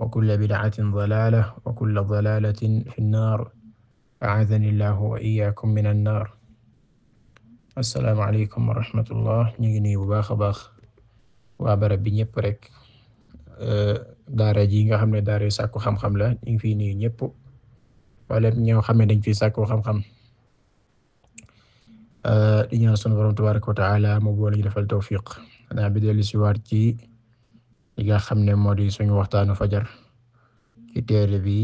wa kulla bid'atin dalaala wa kulla dalaalatin fi nnaar a'aadani llaahu wa iyyaakum mina nnaar assalaamu aleykum wa rahmatullah ñu ngi nuyu bu baax a baax waa barab bi ñëpp rek euh, daara ji nga xam ne daara yu sàkku xam-xam la ñu ngi fi nuyu ñëpp wala ñoo xam ne dañ fi sàkku xam-xam euh, di ñaan sunu Boroom tabaaraka wa ta'aala mu boole ñu defal tawfiq xanaa bi dellu si waat ci li xam ne moo di suñu waxtaanu fajar ci bi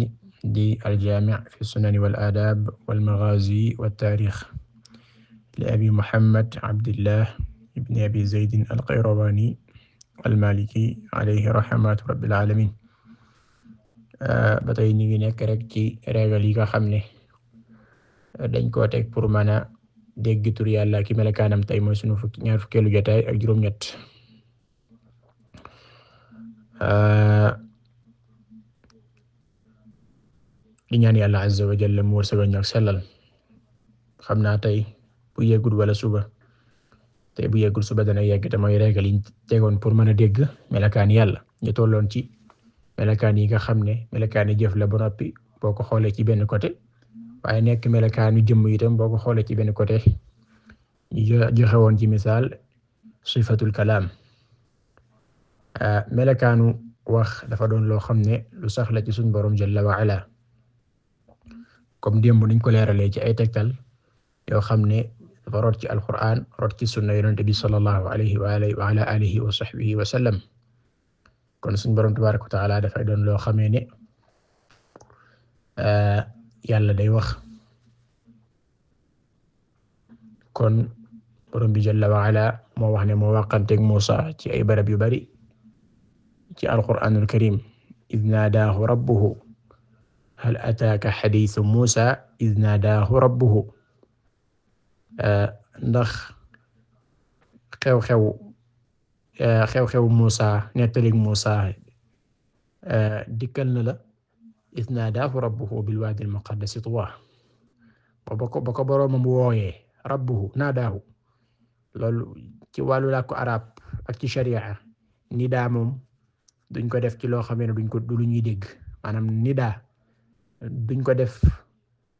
di aljaami' fi sunani wal aadaab wal maghaazi wat taariix li abi muhammad abdillah ibni abi zaydin alqayrawaani almaliki alayhi rahmatu rabbil aalamiin ba tey ñu ngi nekk rek ci régal yi nga xam ne koo teg pour mën a ki melakaanam tey mooy sunu fukki ñaar fukkeelu jotaay ak di ñaan yàlla azza wa jalla mu wërsëgal ñu ak sellal xam naa tey bu yeggul wala suba te bu yeggul suba dana yegg te mooy régal yi tegoon pour mën a dégg melakaan yàlla ñu tolloon ci melakaan yi nga xam ne melakaan yi jëf la ba noppi boo ko xoolee ci benn côté waaye nekk melakaanu jëmm itam boo ko xoolee ci benn côté ñu joxe woon ci misaal sifatul kalaam Euh, melakaanu wax dafa doon loo xam ne lu sax la ci suñ borom jalla wa ala comme démb niñ ko leeralee ci ay tegtal yoo xam ne dafa root ci alquran root ci sunna yonente bi sallallahu alayhi wa ala alihi wa kon suñ borom wa taala dafay doon loo xamee ne euh, yàlla day wax kon borom bi jalla wa ala moo wax ne moo wàqanteeg Muusa ci ay barab yu bari ci alquraanul karim id naadaahu rabbuhu hal ataaka xadiisu muusa id naadaahu rabbuhu eh, ndax xew-xew eh, xew-xew muusa nettalig muusa eh, dikkal na la id naadaahu rabbuhu bilwaadi almuqaddasi tuwa ba ko ba ko boroomam wooyee rabbuhu naadaahu loolu ci wàllu làkku arab ak ci sharia ni daa moom duñ ko def ci loo xamee ne duñ ko du ñuy dégg maanaam nidaa duñ ko def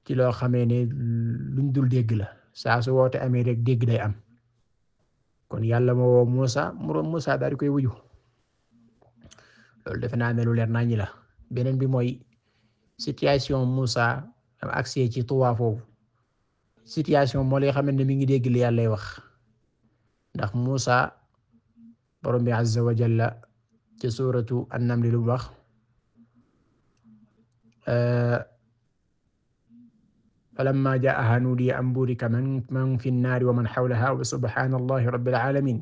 ci loo xamee ne luñ dul dégg la saa woote amee rek dégg day am kon yàlla moo woo Musa muroom Musa koy wuyu loolu defe naa ne lu leer nañu la beneen bi mooy situation Musa am accès ci Tuwa foofu situation moo lay xamante ne mi ngi dégg li yàlla wax ndax Musa borom bi azza ci suuratu an-Naml lu wax falammaa jaa'ahaa nuudiya an buurika man fi nnaari wa man xawlahaa wa subhaana allahi rabbil aalamiin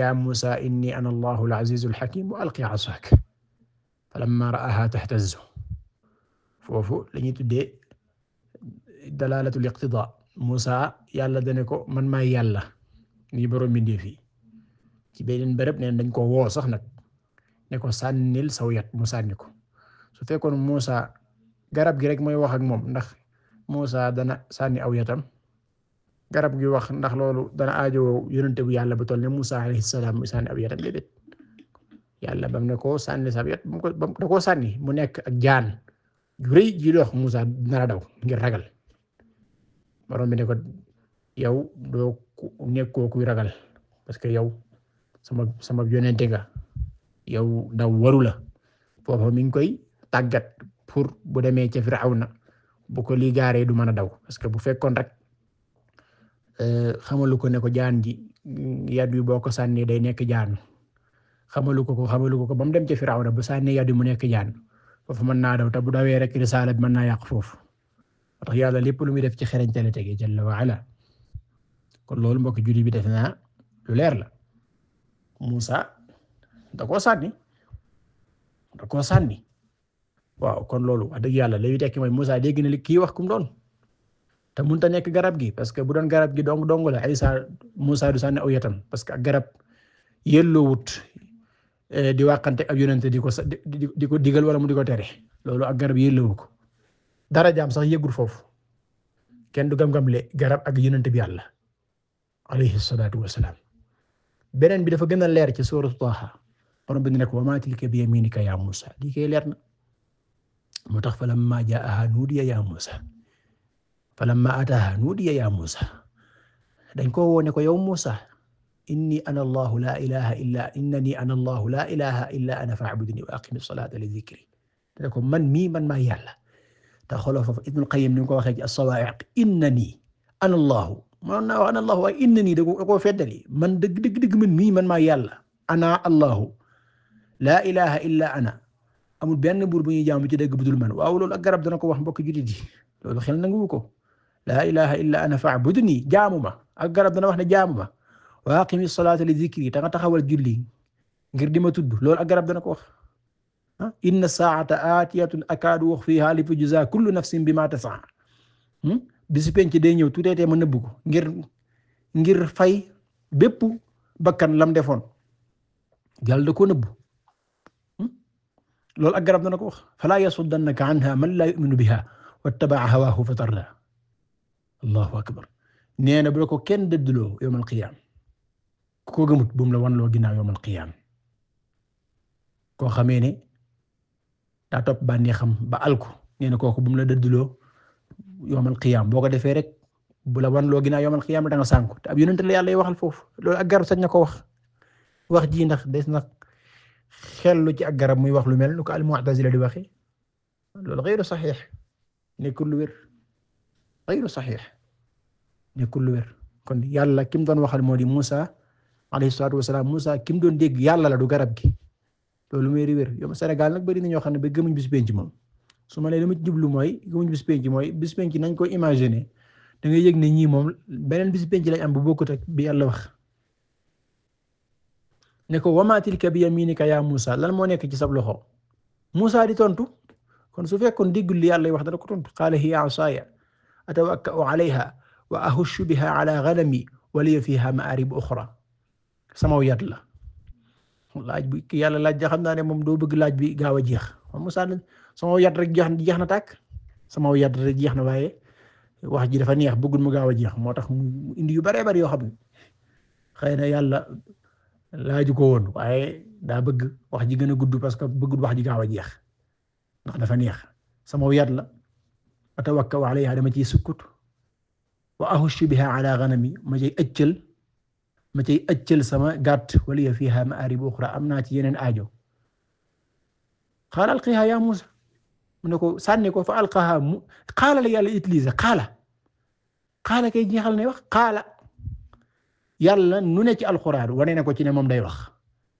yaa Muusaa innii ana allahu al-aziizu al-xakiim wa alqi asaaka falammaa ra'aahaa tahtazzu foofu lañuy tuddee dalaalatul iqtidaa Muusaa yàlla dane ko man maay yàlla ni borom bi ndeefi ci beneen bërëb neen dañ ko woo sax nag ne ko sànnil saw mu sànni ko su fekkoon Muusa garab gi rek mooy wax ak moom ndax Muusa dana sànni aw yatam garab gi wax ndax loolu dana ajo yonente bu yàlla bu toll ne Muusa alayhi salaam mu sànni aw yatam déedéet yàlla bam ne koo sànni saw yat da koo sànni mu nekk ak jaan ju rëy ji dox Muusa nara daw ngir ragal borom bi ne ko yow doo kuy ragal parce que yow sama sama yonente nga yow daw waru la foofa mi ngi koy tàggat pour bu demee ca Firawna bu ko lii gaaree du mën a daw parce que bu fekkoon rek euh, xamalu ko ne ko jaan ji yad wi boo ko sànnee day nekk jaan xamalu ko ko xamalu ko ko ba mu dem ca Firawna bu sànnee yad wi mu nekk jaan foofu mën naa daw te bu dawee rek risaala bi mën naa yàq foofu tax yàlla lépp lu muy def ci xereñ la tege jalla wa ala kon loolu mbokk julli bi def naa lu la Musa nda koo sànni da ko sànni waaw kon loolu wax dëgg yàlla lay tekki mooy Moussa dégg na li kii wax kum doon te mun ta nekk garab gi parce que bu doon garab gi dong dong la Isa Moussa du sànni aw parce que garab yelloowut eh, di wàqante ak yonente di ko di ko digal wala mu di ko tere loolu ak garab yelloowu ko dara jaam sax yëgul foofu kenn du gam-gam le garab ak yonente bi yàlla alayhi salaatu beneen bi dafa gën a leer ci suuratu Taaha borom bi ne ko wa maa tilka bi yamiinika yaa Muusaa lii kay leer na moo tax falammaa jaa'ahaa nuudiya yaa Muusaa falammaa ataahaa nuudiya yaa Muusaa dañ koo woo ne ko yow Muusaa inni ana Allahu laa ilaaha illaa innanii ana Allahu laa ilaaha illaa ana fa'budnii wa aqimi salaata li dhikrii te ko man mii man maa yàlla te xooloo foofu Ibnul Qayyim ni mu ko waxee ci as-Sawaa'iq innanii ana Allahu mënoon naa wax ana Allahu waaye innanii da koo feddali man dëgg dëgg dëgg man mii man maa yàlla ana Allahu laa ilaha illa ana amul benn buur bu ñuy jaamu ci dëgg budul man waaw loolu ak garab dana ko wax mbokk jullit yi loolu xel nanguwu ko laa ilaha jaamu ma ak garab dana wax ne jaamu ma wa aqimi salaata li zikri ta nga taxawal julli ngir di ma tudd loolu ak garab dana ko wax ah inna saa'ata aatiyatun akaadu ukhfiihaa li tujzaa kullu nafsin bimaa tasaa hmm? bisu penc day ñëw tuuteetee ma nëbb ko ngir ngir fay bépp bakkan lam defoon jàll da ko nëbb loolu ak garab dana ko wax fala yasuddannaka anha man laa yuminu biha wattabaa hawaahu fatarda allahu akbar nee na bu la ko kenn dëddloo yowm alqiyaam ku ko gëmut bu mu la wanloo ginnaaw yowm alqiyaam koo xamee ne daa topp bànnee xam ba alku nee na kooku bu mu la dëddloo yowm alqiyaam boo ko defee rek bu la wanloo ginnaaw yowm alqiyaam da nga sànku te ab yonent la yàlla waxal foofu loolu ak garab sañ na ko wax wax ji ndax des na xellu ci ak garab muy wax lu mel nu ko al mu'tazila di waxe loolu xeyru saxiix nekkul lu wér xeyru saxiix nekkul lu wér kon yàlla kim doon waxal moo di Musa alayhi salaatu wasalaam Musa kim doon dégg yàlla la du garab gi loolu mooy di wér yow Sénégal nag bari na ñoo xam ne ba gëmuñ bis penc moom su ma nee li ma jublu mooy gëmuñ bis penc mooy bis penc nañ ko imaginer da ngay yëg ne ñii moom beneen bis penc lañ am bu bokkut ak bi yàlla wax. ne ko wama tilka bi yaminika yaa Muusa lan moo nekk ci sab loxo Muusa di tontu kon su fekkoon diggul li yàlla wax dana ko tontu qaala hiya asaaya atawakka'u alayha wa ahushu biha ala ganami wa liya fiha ma'arib uxra samaw yat la laaj bi ki yàlla laaj ja xam naa ne moom doo bëgg laaj bi gaaw a jeex moom Muusa samaw yat rek jeex jeex na tàkk samaw yat rek jeex na waaye wax ji dafa neex bëggul mu gaaw a jeex moo tax mu indi yu bare bari yoo xa ne xëy na yàlla laaju ko woon waaye daa bëgg wax ji gën a gudd parce que bëggul wax ji gaaw a jeex ndax dafa neex sama yat la atawakkau alayha dama ciy sukkut wa ahushu biha ala ghanami ma cay ëccël ma cay ëccël sama gàtt waliya fiha ma'arib ukhra am naa ci yeneen aajo qaala alqiha ya Musa mu ne ko sànni ko fa alqaha mu qaala la yàlla utiliser qaala qaala kay jeexal ne wax qaala yàlla nu ne ci alxuraan wane na ko ci ne moom day wax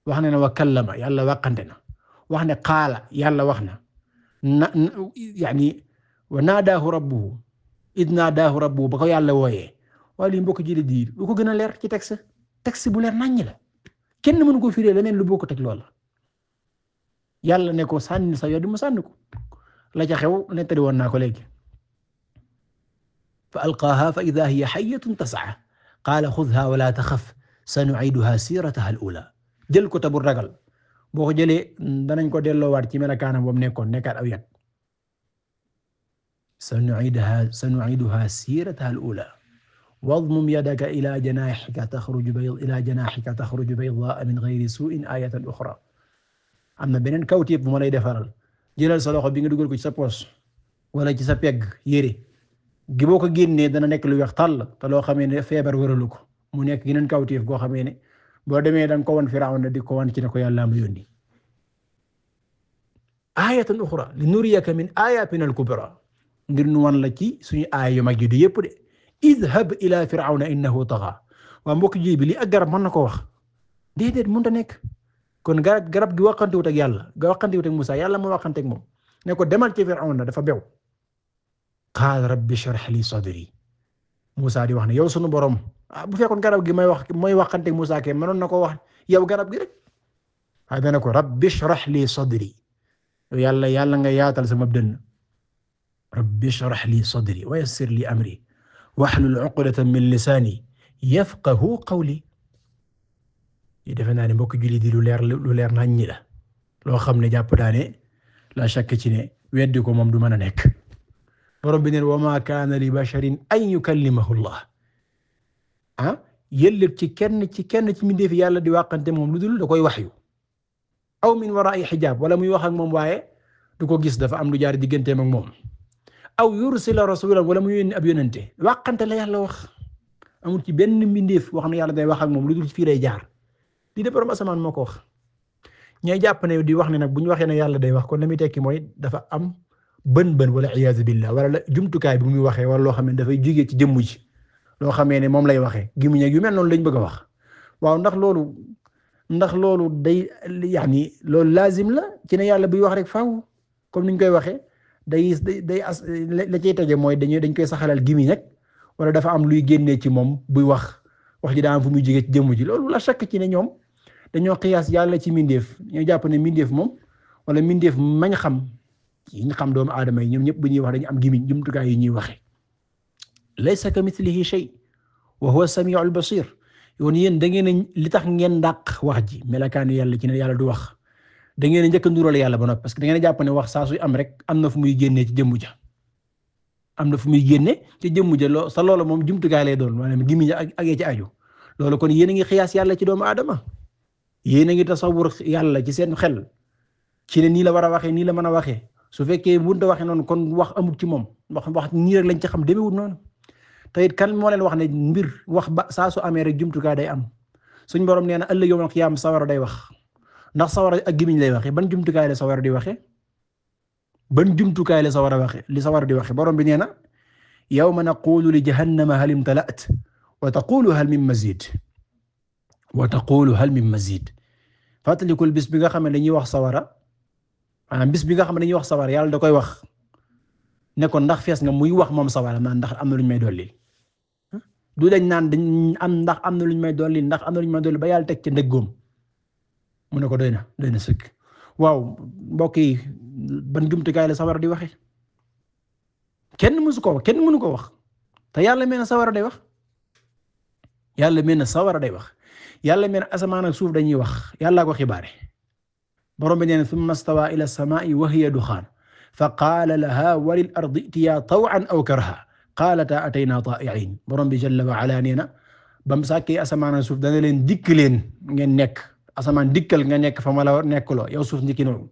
wax ne ne wa kallama yàlla wàqante na wax ne qaala yàlla wax na na yaani wa naadaahu rabbuhu id naadaahu rabbuhu ba ko yàlla wooyee waaye li mbokk jële diir lu ko gën a leer ci texte texte bu leer naññ la kenn mënu ko firee leneen lu boo ko teg loola ne ko sànni sa yoddi mu sànni ko la ca xew nettali woon naa ko léegi fa alqaaha fa ida hiya xayatun tasaa qaala xudha wala taxaf sanuiduha sirataha al ula jël ko tabul ragal boo ko jëlee danañ ko delloowaat ci melakaanam ba mu nekkoon nekkaat aw yat sanuiduha sanuiduha sirataha al ula wadmum yadaka ila janaxika taxruju bay ila janaxika taxruju baydaa min gayri suin ayatan uxra am na beneen kawtéef bu ma lay defaral jëlal sa loxo bi nga dugal ko ci sa poos wala ci sa pegg yére gi boo ko génnee dana nekk lu weex tàll te loo xamee ne feebar wëralu ko mu nekk yeneen kawtéef goo xamee ne boo demee da nga ko wan Firawna di ko wan ci ne ko yàlla ma yónni aayatan uxra li nuriyaka min ayatina al kubra ngir nu la ci suñu aaya yu mag yi du yëpp de idhab ila firawna innahu taxa waa mbokk ji bi li ak garab mën na ko wax déedéet mënut ta nekk kon garab garab gi waxantiwut ak yàlla ga waxantiwut ak Musaa yàlla moo waxante ak moom ne ko demal ci firawna dafa bew qaal rabbi sharh li sadri Moussa di wax ne yow sunu borom ah bu fekkoon garab gi may wax mooy waxante Moussa ke mënoon na ko wax yow garab gi rek waaye dana ko rabbi sharh li sadri yàlla yàlla nga yaatal sama dënn rabbi shrah li sadri wa yassir li amri wahlul uqdatan min lisaani yafqahu qawli yi defe naa ne mbokk julli di lu leer lu leer nañ ñi la loo xam ne jàpp daa ne la chàkk ci ne weddi ko moom du mën a nekk borom bi neen wa ma kaana li basharin an yukallimahu llah ah yëllëg ci kenn ci kenn ci mbindeef yàlla di wàqante moom lu dul da koy waxyu aw min wara'i xijaab wala muy wax ak moom waaye du ko gis dafa am lu jaar digganteem ak moom aw yursila rasulan wala mu yónni ab yónente wàqante la yàlla wax amul ci benn mbindeef wax na yàlla day wax ak moom lu dul fii lay jaar lii de borom asamaan ko wax ñooy jàpp ne di wax ne nag bu ñu waxee ne yàlla day wax kon la muy tekki mooy dafa am bën bën wala iyaazu billah wala jumtukaay bi muy waxee wala loo xam ne dafay jógee ci jëmm ji loo xamee ne moom lay waxee gémmiñ ak yu noonu lañ bëgg a wax waaw ndax loolu ndax loolu day yaani loolu laazim la ci ne yàlla buy wax rek faw comme niñ koy waxee day day as la cay tege mooy dañuy dañ koy saxalal gémmiñ nag wala dafa am luy génnee ci moom buy wax wax ji daa fu muy jógee ci jëmm ji loolu la chakk ci ne ñoom dañoo xiyaas yàlla ci mindeef ñoo jàpp ne mindeef moom wala mindeef mañ xam yi ñu xam doomu aadama yi ñoom ñëpp bu ñuy wax dañu am gimiñ jumtukaay yi ñuy waxe laysa ka mithlihi shay wa huwa samiu al basir yoon yéen da ngeen li tax ngeen dàq wax ji melakaan yàlla ci ne yàlla du wax da ngeen njëkk a yàlla ba noppi parce que da ngeen jàpp ne wax saa suy am rek am na fu mu génnee ci jëmmu ja am na fu muy génne ci jëmmu ja loo sa loolo moom jumtukaay lay doon maanaam gimiñ ak ak ci aju loolu kon yéen a ngi xiyaas yàlla ci doomu adama yéen a ngi tasawur yàlla ci seen xel ci ne nii la war a waxee nii la mën a waxee su fekkee mënut a waxee noonu kon wax amul ci moom wax wax nii rek lañ ci xam demewul noonu te it kan moo leen wax ne mbir wax ba saa su amee rek jumtukaay day am suñ borom nee na ëllëg yawmal qiyaam sawara day wax ndax sawara ak gimiñ lay waxee ban jumtukaay la sawara di waxee ban jumtukaay la sawara waxee li sawara di waxee borom bi nee na yawma naqulu li jahannama hal imtalaat wa taqulu hal min mazid wa taqulu hal min mazid fàttalikul bis bi nga xam ne dañuy wax sawara maanaam bis bi nga xam ne dañuy wax sawar yàlla da koy wax ne ndax fees nga muy wax moom sawar maanaam ndax am na lu ñu may dool du dañ naan dañ am ndax am na lu ñu may dolli ndax am na lu ñu may dolli ba yàlla teg ci ndëggoom mu ne ko doy na doy sëkk waaw mbokk yi ban jumtukaay la sawar di waxe kenn mësu ko kenn mënu ko wax te yàlla mel na sawar a day wax yàlla mel na sawar day wax yàlla mel na asamaan ak suuf dañuy wax yàlla ko xibaare borom bi nee na summa stawa ila samaa wa hiya duxaan fa qaala laha walil ardi itiyaa tawan aw karaha qaalataa ataynaa taaiin borom bi jalla wa ala nee na ba mu sàkkee asamaan ak suuf dana leen dikk leen ngeen nekk asamaan dikkal nga nekk fa ma la nekkuloo yow suuf ndikki noonu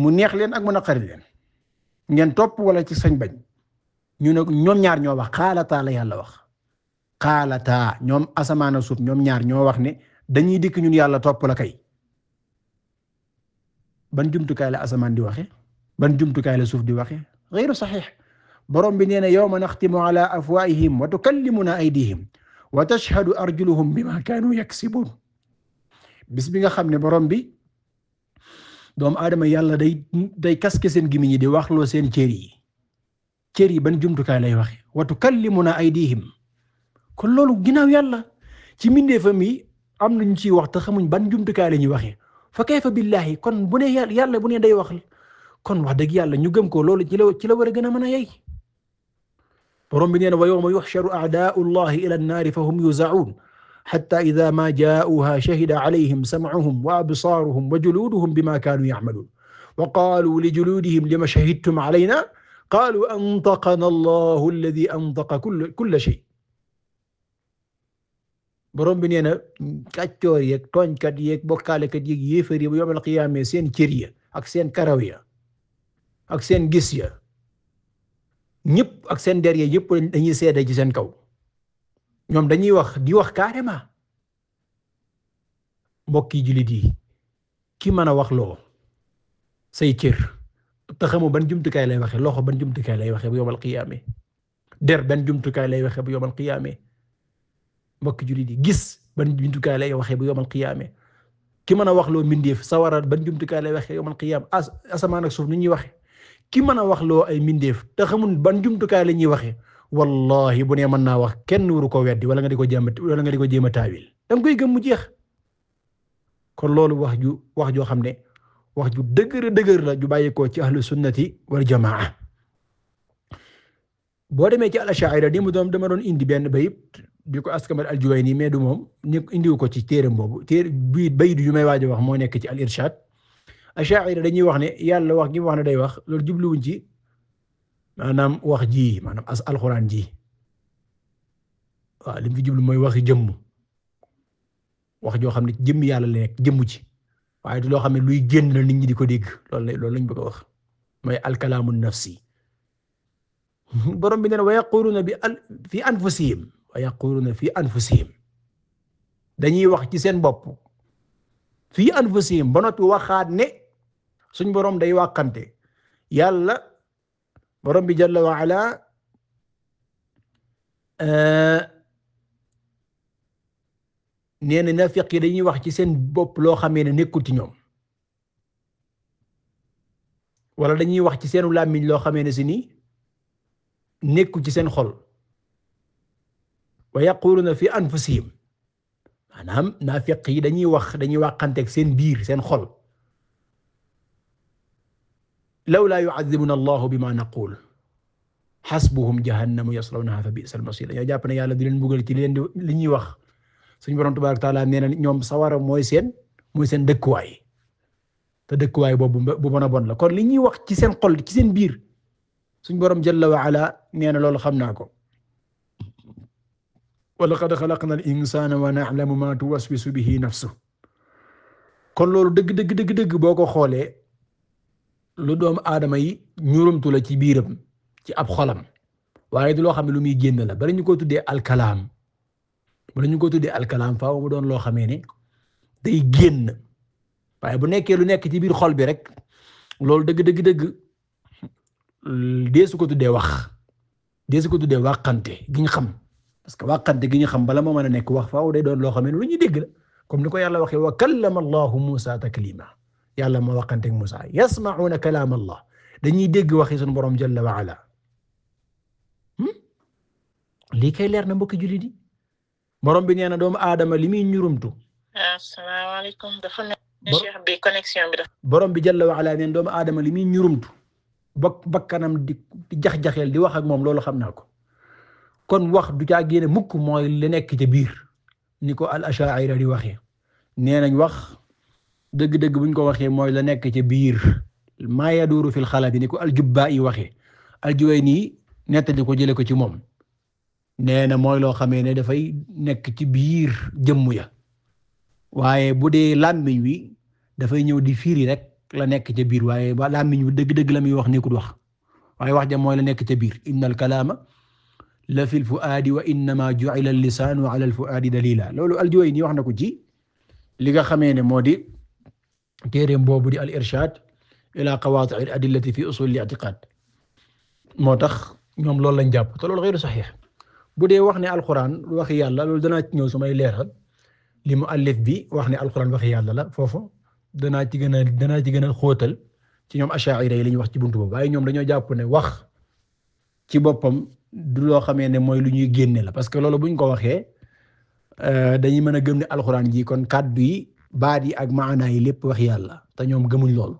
mu neex leen ak mu naqari ngeen topp wala ci sañ bañ ñu ne ñoom ñaar ñoo wax xaalataa la yàlla wax xaalataa ñoom asamaan ak suuf ñoom ñaar ñoo wax ne dañuy dikk ñun yàlla topp la kay ban jumtukaay la asamaan di waxe ban jumtukaay la suuf di waxe xeyru saxiix borom bi nee na yawma naxtimu ala afwaahihim wa tukallimuna aydihim wa tashhadu arjuluhum bima kaanu bis bi nga xam ne borom bi doomu aadama yàlla day day kaske gémmiñ yi di waxloo seen cër yi cër yi ban jumtukaay lay waxe wa tukallimuna aydihim kon loolu ginnaaw yàlla ci mbindeefam yi am nañu ciy wax te xamuñ ban jumtukaay la ñuy waxee fa kayfa billahi kon bu ne yàlla bu ne day wax kon wax dëgg yàlla ñu gëm ko loolu ci la ci la war a gën a mën a yey borom bi nee na wa yawma yuxsharu a'daa'u llahi ila annaari fa hum yuzaa'uun xatta ida maa jaa'uuhaa shahida alayhim sam'uhum wa absaaruhum wa juluuduhum bimaa kaanuu ya'maluun wa qaaluu li juluudihim lima shahidtum alaynaa qaaluu antaqanaa allahu alladii antaqa kulla shay' borom bi nee na kàccoor yeeg tooñkat yeeg bokkaalekat yeeg yéefar yi bu yoomal xiyaamee seen cër ya ak seen karaw ya ak seen gis ya ñëpp ak seen der ya yëpp dañuy seede ci seen kaw ñoom dañuy wax di wax carrément mbokki jullit kii ki mën a wax loo say cër te xamu ban jumtukaay lay waxe loxo ban jumtukaay lay waxe bu yoomal xiyaamee der ban jumtukaay lay waxe bu yoomal xiyaamee mbokk jullit di gis ban jumtukaay lay waxee bu yomal qiyaame ki mën a wax loo mbindeef sawara ban jumtukaay lay waxee yomal qiyaam as asamaan ak suuf ni ñuy waxee ki mën a wax loo ay mbindeef te xamul ban jumtukaay la ñuy waxee wallahi bu nee mën naa wax kenn waru ko weddi wala nga di ko jéem wala nga di ko jéem a taawil koy gëm mu jeex kon loolu wax ju wax joo xam ne wax ju dëgër dëgër la ju bàyyeekoo ci ahlu sunnati wal jamaa boo demee ci al-Ash'ari di mu dama doon indi benn bayit di ko askamal al-Juwayni mais du moom ñu indiwu ko ci téeram boobu téer bii bayit yu may waaj a wax moo nekk ci al-Irshaad Ashaa'ira dañuy wax ne yàlla wax gi mu wax ne day wax loolu jubluwuñ ci maanaam wax ji maanaam as alxuraan ji waa li mu mooy waxi jëmm wax joo xam ne jëmm yàlla la nekk jëmm ci waaye du loo xam ne luy génn la nit ñi di ko dégg loolu loolu lañ bëgg a wax mooy alkalaamu nafsi borom bi nee na wa yaquluuna bi fi anfusihim wa na fii anfusihim dañuy wax ci seen bopp fii anfusihim ba noppi waxaat ne suñ borom day wàqante yàlla borom bi jalla wa ala eh, nee na nafiq yi dañuy wax ci seen bopp loo xamee ne nekkul ci ñoom wala dañuy wax ci seenu làmmiñ loo xamee ne si ni nekkul ci seen xol wa yaquluuna fi anfusihim maanaam naafiq yi dañuy wax dañuy waxanteeg seen biir seen xol lawlaa yu'adhibuna allahu bima naqul xasbuhum jahannamu yaslawnaha fa bi'sal masir dañoo jàpp ne yàlla di leen buggal ci leen di li ñuy wax suñu borom tabaaraka taala nee na ñoom sawara mooy seen mooy seen dëkkuwaay te dëkkuwaay boobu bu mën a bon la kon li ñuy wax ci seen xol ci seen biir suñu borom jalla wa ala nee na loolu xam naa ko wa laqad xalaqna al insana wa na'lamu ma tuwaswisu bihi nafsu kon loolu dëgg dëgg dëgg boo ko xoolee lu doomu aadama yi ñurumtu la ci biiram ci ab xolam waaye du loo xam ne lu muy génn la bari ñu ko tuddee alkalaam bari ñu ko tuddee alkalaam faaw mu doon loo xamee ni day génn waaye bu nekkee lu nekk ci biir xol bi rek loolu dëgg dëgg dëgg dee su ko tuddee wax dee su ko tuddee waxante gi xam parce que wàqante gi ñu xam bala moo mën a nekk wax faaw day doon loo xam ne lu ñu dégg la comme ni ko yàlla waxee wa kallama allahu Musa taklima yàlla moo waqante ak Musa yasma'una kalaam allah dañuy dégg waxi sunu borom jalla wa ala hmm? lii kay leer na mbokki jullit yi borom bi nee na doomu aadama li muy ñurumtu. asalaamaaleykum dafa ne borom bi jalla wa ala nee na doomu aadama li muy ñurumtu bak di di jax jaxeel di wax ak moom loolu xam naa ko. kon wax du caa génne mukk mooy la nekk ca biir ni ko al ashaira di waxee nee nañ wax dëgg-dëgg buñ ko waxee mooy la nekk ca biir maa yaduuru fil bi ni ko aljubba yi waxee aljuwayni nettali ko jële ko ci moom nee na mooy loo xamee ne dafay nekk ci biir jëmm ya waaye bu dee làmmiñ wi dafay ñëw di fiiri rek la nekk ci biir waaye ba làmmiñ wi dëgg-dëgg la muy wax ku wax waaye wax ja mooy la nekk ca biir innal kalaama la fil fuaadi wa innama ju'ila al-lisaanu ala al-fuaadi dalila loolu al-Juwayni wax na ko ci li nga xamee ne moo di téereem boobu di al-Irshaad ila qawaati' al-adillati fi usul al moo tax ñoom loolu lañ jàpp te loolu ghayru saxiix bu dee wax ne alxuraan waxi yàlla loolu danaa ñëw su may leeral li mu allif bi wax ne alquran waxi yàlla la foofu danaa ci gën a danaa ci gën a xóotal ci ñoom ashaa'ira yi li ñu wax ci buntu boobu waaye ñoom dañoo jàpp ne wax. ci boppam du loo xamee ne mooy lu ñuy génnee la parce que loolu buñ ko waxee euh, dañuy mën a gëm ne alxuraan ji kon kàddu yi baat yi ak maanaa yi lépp wax yàlla te ñoom gëmuñ loolu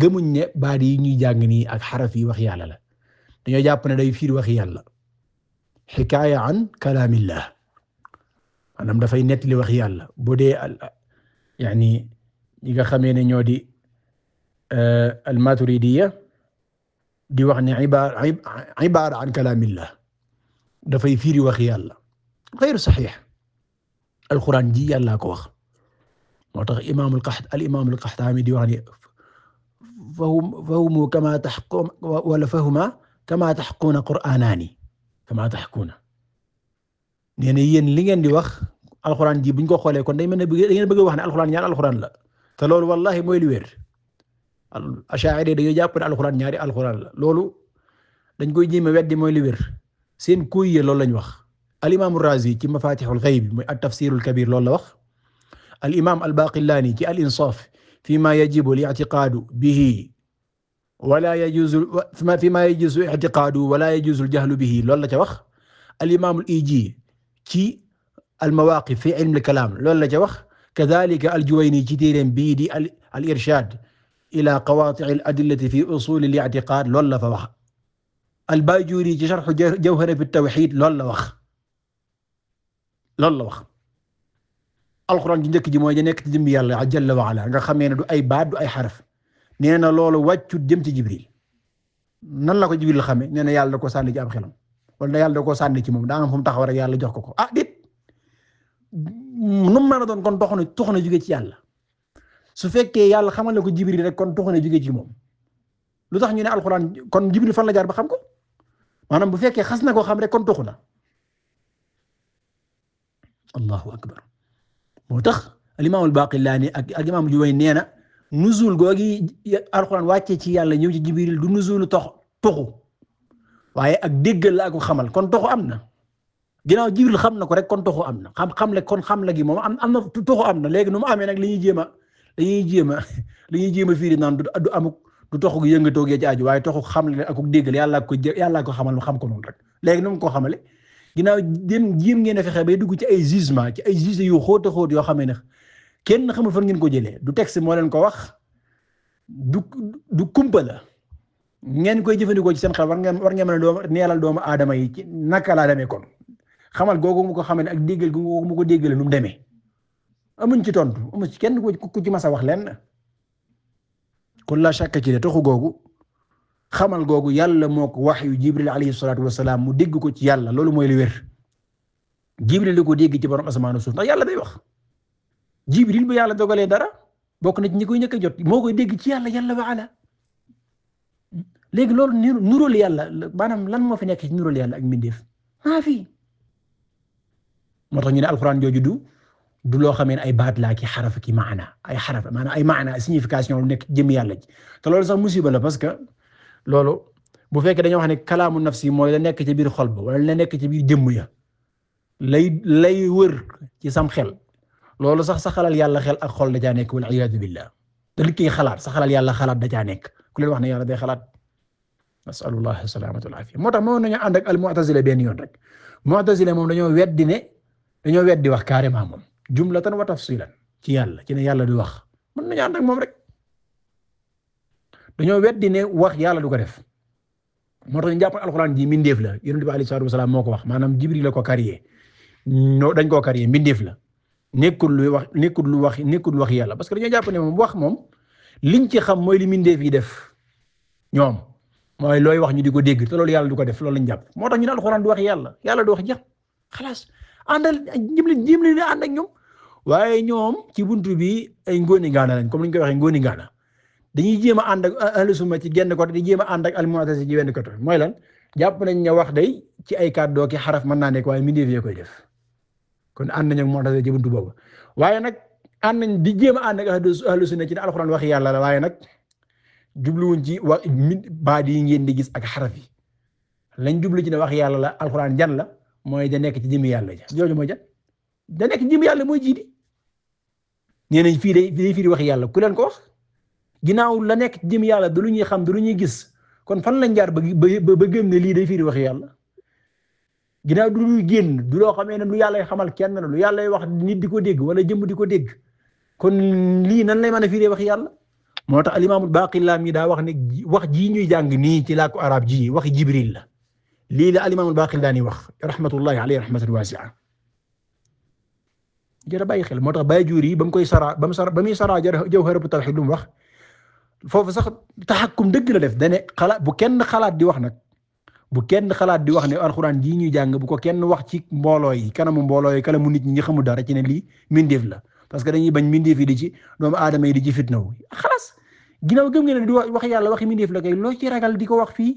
gëmuñ ne baat yi ñuy jàng nii ak xaraf yi wax yàlla la dañoo jàpp ne day fiir wax yàlla xikaaya an kalaamillah maanaam dafay nettali wax yàlla bu dee yaani ñi nga xamee ne ñoo di euh, al maturidiya di wax ni ibaara ibaara an kalaamillah dafay wax yàlla xeyr saxiix ji yàllaa ko wax moo tax imaamul al imaamul qaxtaami di wax ne fahum fahumu kama taxqu wala fahuma kama taxquuna qur'aanaani kama taxquuna nee na yéen li ngeen di wax alquran ji buñ ko xoolee kon day mel ne da ngeen bëgg wax ne alquran ñaan alquran la te loolu wallahi mooy li wér achaari dañoo jàpp ne alxuraan ñaari alxuraan la loolu dañ koy jéem a weddi mooy li wér seen lool lañu loolu lañ wax al imam razi ci mafatixul xayb mooy at tafsirul kabir loolu la wax al imam al baqillaani ci al insaaf fi ma yajibu al i'tiqaadu bihi wala yajuzu fi ma yajuzu i'tiqaadu wala yajuzu al jahlu bihi loolu la ca wax al imam al iji ci al mawaqif fi ilm al loolu la ca wax kadhalika al juwayni ci téeréem bii di al irshaad ila qawaati al adillati fi usuli al i'tiqaad loolu la fa wax al-Baajuuri ci sharxu jawhara fi tawxiid loolu la wax loolu la wax alxuraan ji njëkk ji mooy ja nekk ci jëmbi yàlla jalla wa ala nga xamee ne du ay baat du ay xaraf nee na loolu wàccut jëm ci Jibril nan la ko Jibril xamee nee na yàlla da koo sànni ci am xelam wala yàlla da koo sànni ci moom daa am fu mu taxaw rek yàlla jox ko ko ah dit nu mu mën a doon kon dox na tuux na jóge ci yàlla su fekkee yàlla xamal na ko jibril rek kon toxu na jige ci moom lu tax ñu ne alxuraan kon jibril fan la jaar ba xam ko maanaam bu fekkee xas na koo xam rek kon toxu na allahu akbar moo tax alimaam albaqilaani ak ak imaam juway nee na nuzul googi alxuraan wàccee ci yàlla ñëw ci jibril du nuzulu tox toxu waaye ak déggal la ak xamal kon toxu am na ginnaaw jibril xam na ko rek kon toxu am na xam xam le kon xam la gi moom am am na toxu am na léegi nu mu amee nag li ñuy jéem a dañuy jéem a dañuy jéem a firi naan du amuk du toxuk yëngatoo gee ci aju waaye toxuk xam le akuk déggal yàllaa ko yàllaa ko xamal mu xam ko noonu rek léegi nu mu ko xamale ginnaaw dem jéem ngeen a fexe bay dugg ci ay jugement ci ay juge yu xóot a xóot yoo xamee ne kenn xamul fan ngeen ko jëlee du texte moo leen ko wax du du kumpa la ngeen koy jëfandikoo ci seen xel war ngeen war ngeen mën a doomu neelal doomu aadama yi ci naka laa demee kon xamal googu mu ko xamee ne ak déggal googu mu ko déggalee nu mu demee amuñ ci tontu ci kenn ku ci mas a wax lenn kon la shakka ci ne toxu googu xamal googu yàlla moo ko wax yu jibril alayhi salaatu wasalaam mu dégg ko ci yàlla loolu mooy li wér jibril li ko dégg ci borom asamaanu suuf ndax yàlla day wax jibril bu yàlla dogalee dara bokk na ci ñi koy ñëkk a jot moo koy dégg ci yàlla yàlla wa ala lool loolu nuróol yàlla maanaam lan moo fi nekk ci nuróol yàlla ak mbindeef maa fi moo tax ñu ne alxuraan jooju du du loo xamee ne ay baat laa ki xaraf ki maana ay xaraf maanaam ay maana signification lu nekk jëm yàlla ji te loolu sax musiba la parce que loolu bu fekkee dañoo wax ne kalaamu nafsi mooy la nekk ci biir xol ba wala la nekk ci biir jëmm ya lay lay wër ci sam xel loolu sax sa xalal yàlla xel ak xol da caa nekk wal iyaadu billah te li koy xalaat sa xalal yàlla xalaat da caa nekk ku leen wax ne yàlla day xalaat nasalullah salaamatu wal afiya moo tax moo nañu ànd ak al mu'tazila benn yoon rek mu'tazila moom dañoo weddi ne dañoo weddi wax carrément moom jumlatan wa tafsilan ci yàlla ci ne yàlla du wax mën nañu ànd ak moom rek dañoo weddi ne wax yàlla du ko def moo tax ñu jàpp alxuraan ji mbindeef la yonent bi alayhi salaatu wasalaam moo ko wax maanaam jibril la ko kariyee ñoo dañ koo kariyee mbindeef la nekkul lu wax nekkul lu wax nekkul lu wax yàlla parce que dañoo jàpp ne moom wax moom liñ ci xam mooy li mbindeef yi def ñoom mooy looy wax ñu di ko dégg te loolu yàlla du ko def loolu lañ jàpp moo tax ñu ne alxuraan du wax yàlla yàlla du wax jeex ñoom waaye ñoom ci buntu bi ay ngóoni ngaana lañ comme ni ñu koy waxee ngóoni ngaana dañuy jéem ànd ak ahlu ci genn côté di jéem a ànd ak al-mu'tazila ci wenn jàpp nañ ne wax day ci ay kàddoo ki xaraf mën naa nekk waaye mbindeef yee koy def kon ànd nañ ak mu'tazila ci buntu boobu waaye nag ànd nañ di jéem a ànd ak ahlu sunna ci ne alxuraan waxi yàlla la waaye nag jubluwuñ ci wax baat yi ngeen di ak xaraf yi lañ jublu ci ne wax yàlla la alxuraan jan la mooy da nekk ci jëmmi yàlla ja jooju mooy jan da nekk jëm mooy jii nee nañ fii day day firi wax yàlla ku leen ko wax ginnaaw la nekk jëm yàlla du lu ñuy xam du lu ñuy gis kon fan lañ jaar ba ba ba gëm ne lii day firi wax yàlla ginnaaw du luy génn du loo xamee ne lu yàlla xamal kenn la lu yàlla wax nit di ko dégg wala jëmm di ko dégg kon lii nan lay mën a firi wax yàlla moo tax alimaamul baaqillaa mi daa wax ne wax jii ñuy jàng nii ci làkku arab ji wax jibril la lii la alimaamul baaqillaa ni wax rahmatullahi alayhi rahmatul wasia jërë bàyyi xel moo tax bàyyi juur yi ba mu koy sara ba mu sara ba muy saraa Jawharatu Tawhiid lu mu wax foofu sax taxakkum dëgg la def dane xalaat bu kenn xalaat di wax nag bu kenn xalaat di wax ne alxuraan jii ñuy jàng ko kenn wax ci mbooloo yi kanamu mbooloo yi kanamu nit ñi nga xamul dara ci ne lii mindeef la parce que dañuy bañ mindeef yi di ci doomu adama yi di ci fitna wu xalaas ginnaaw gëm ngeen ne di wax yàlla waxi mindeef la kay loo ci ragal di ko wax fii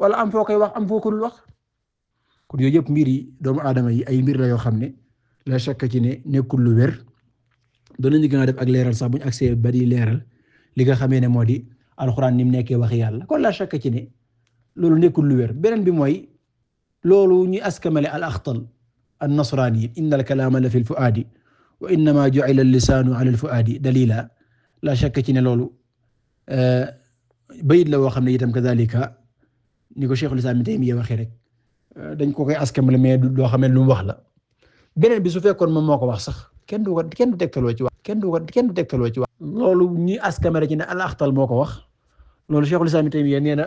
wala am foo koy wax am foo ko dul wax kon yëpp mbir yi doomu aadama yi ay mbir la yoo xam ne la shakka ci ne nekkul lu wér danañu gën a def ak leeral sax bu ñu agsee ba di leeral li nga xamee ne moo di alxuraan ni mu nekkee wax yàlla kon la shakka ci ne loolu nekkul lu weer beneen bi mooy loolu ñuy askamale al axtal an nasraani inna al kalaama la fi l fuaadi wa la shakka ci ne loolu eh, bayit la woo xam ne itam kadalika ni ko cheikhul islam Ibn Taymiyya waxee rek eh, dañ ko koy askamale mais doo xam ne lu mu wax la beneen bi su fekkoon moom moo ko wax sax kenn du ko kenn du tegtaloo ci wax kenn du ko kenn du tegtaloo ci wax loolu ñuy askamera ci ne al axtal ko wax loolu Cheikhul Islam Taymiyya nee na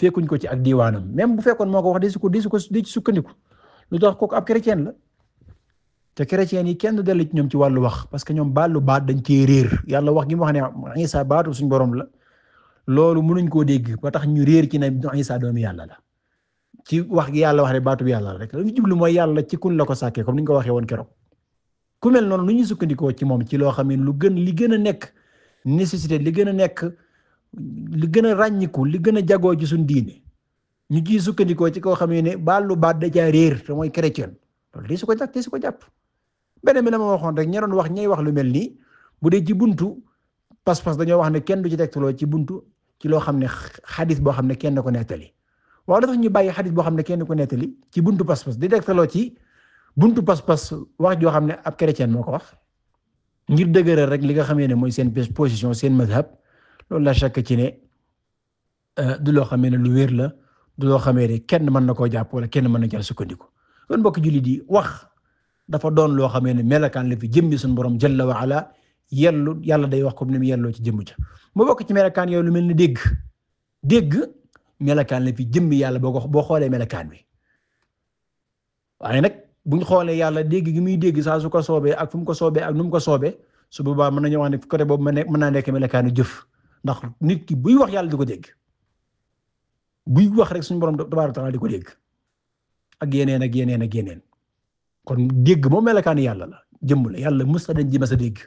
fekkuñ ko ci ak diwaanam même bu fekkoon moo ko wax di su ko di su ko di ci sukkandiku lu tax kooku ab chrétien la te chrétien yi kenn dal dellu ñoom ci wàllu wax parce que ñoom baalu baat dañ cee réer yàlla wax gi mu wax ne Isa baatu suñu borom la loolu mënuñ koo dégg ba tax ñu réer ci ne Isa doomu yàlla la ci wax gi yàlla wax ne baatu bi yàlla rek lu ñu mooy yàlla ci kun la ko sàkkee comme ni nga ko waxee woon keroog ku mel noonu lu ñuy sukkandikoo ci moom ci loo xam ne lu gën li gën a nekk nécessité li gën a nekk li gën a ràññiku li gën a jagoo ci suñ diine ñu ciy sukkandikoo ci koo xam ne baalu baat da caa réer mooy chrétien loolu di su ko jàpp su ko jàpp beneen bi la ma waxoon rek ña doon wax ñay wax lu mel nii bu dee ci buntu pas-pas dañoo wax ne kenn du ci tegtaloo ci buntu ci loo xam ne xadis boo xam ne kenn ko nettali waaw la tax ñu bàyyi xadis boo xam ne kenn ku nettali ci buntu pas-pas di degtaloo ci buntu pas-pas wax joo xam ne ab chrétien moo ko wax ngir dëgëral rek li nga xamee ne mooy seen position seen mazhab loolu la chaque ci ne euh, du loo xamee ne lu wér la du loo xamee ne kenn mën na koo jàpp wala kenn mën na caa sukkandiku kon mbokk jullit di wax dafa doon loo xamee ne melakaan la fi jëmmi suñu borom jalla wa ala yellu yàlla day wax comme ni mu yelloo ci jëmm ja mu bokk ci melakaan lu mel ni dégg dégg melakaan la fi jëmmi yàlla boo ko boo xoolee melekaan wi waaye nag buñ xoolee yàlla dégg gi muy dégg saa su ko soobee ak fu mu ko soobee ak nu mu ko soobee su boobaa mën nañu wax ne côté boobu mën mën naa nekk melakaanu jëf ndax nit ki buy wax yàlla di ko dégg buy wax rek suñu borom tabaaraka taala di ko dégg ak yeneen ak yeneen ak yeneen kon dégg moom melakaanu yàlla la jëmm la yàlla musta dañ ji ma sa dégg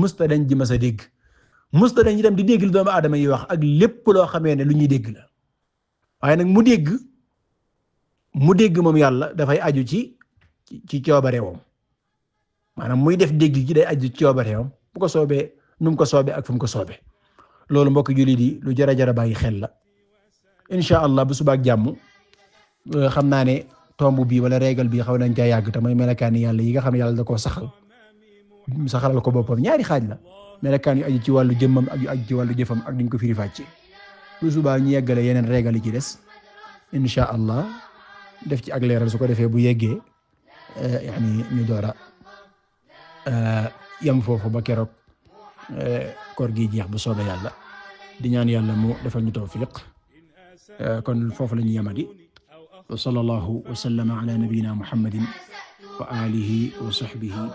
musta dañ ji ma sa dégg musta dañ itam di dégg lu doomu aadama yi wax ak lépp loo xamee ne lu ñuy dégg waaye nag mu dégg mu dégg moom yàlla dafay aju ci ci coobareewam maanaam muy def dégg gi day aju ci coobareewam bu ko soobee nu ko soobee ak fu mu ko soobee loolu mbokk jullit yi lu jara jara bàyyi xel la incha allah bu subaak jàmm euh, xam naa ne tomb bii wala régal bi xaw nañ caa yàgg te mooy melakaani yàlla yi nga xam ne yàlla da koo saxal saxalal ko boppam ñaari xaaj la melakaan yi aju ci wàllu jëmmam ak yu aju ci wàllu jëfam ak duñ ko firi fàcce bu subaa ñu yeggale yeneen régal yi ci des incha allah def ci ak leeral su ko defee bu yeggee eh, yani ñu door a eh, yam foofu ba keroog eh, koor gi jeex bu soobee yàlla di ñaan yàlla mu defal ñu tawfiq kon foofu la ñu yamadi wa sallallahu wa sallama ala nabiyyina muhammadin wa aalihi wa sahbihi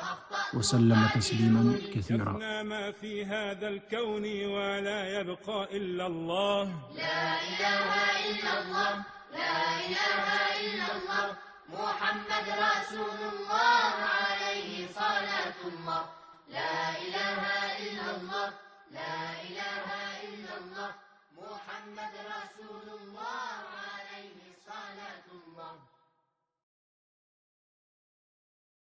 wa sallama tasliman kasiiran ma fi haaza al-kawni wa laa yabqaa illaa Allah laa ilaaha illaa Allah laa ilaaha illaa Allah Muhammad rasuulullah alayhi salaatullah laa ilaaha illaa Allah laa ilaaha illaa Allah Muhammad rasuulullah alayhi salaatullah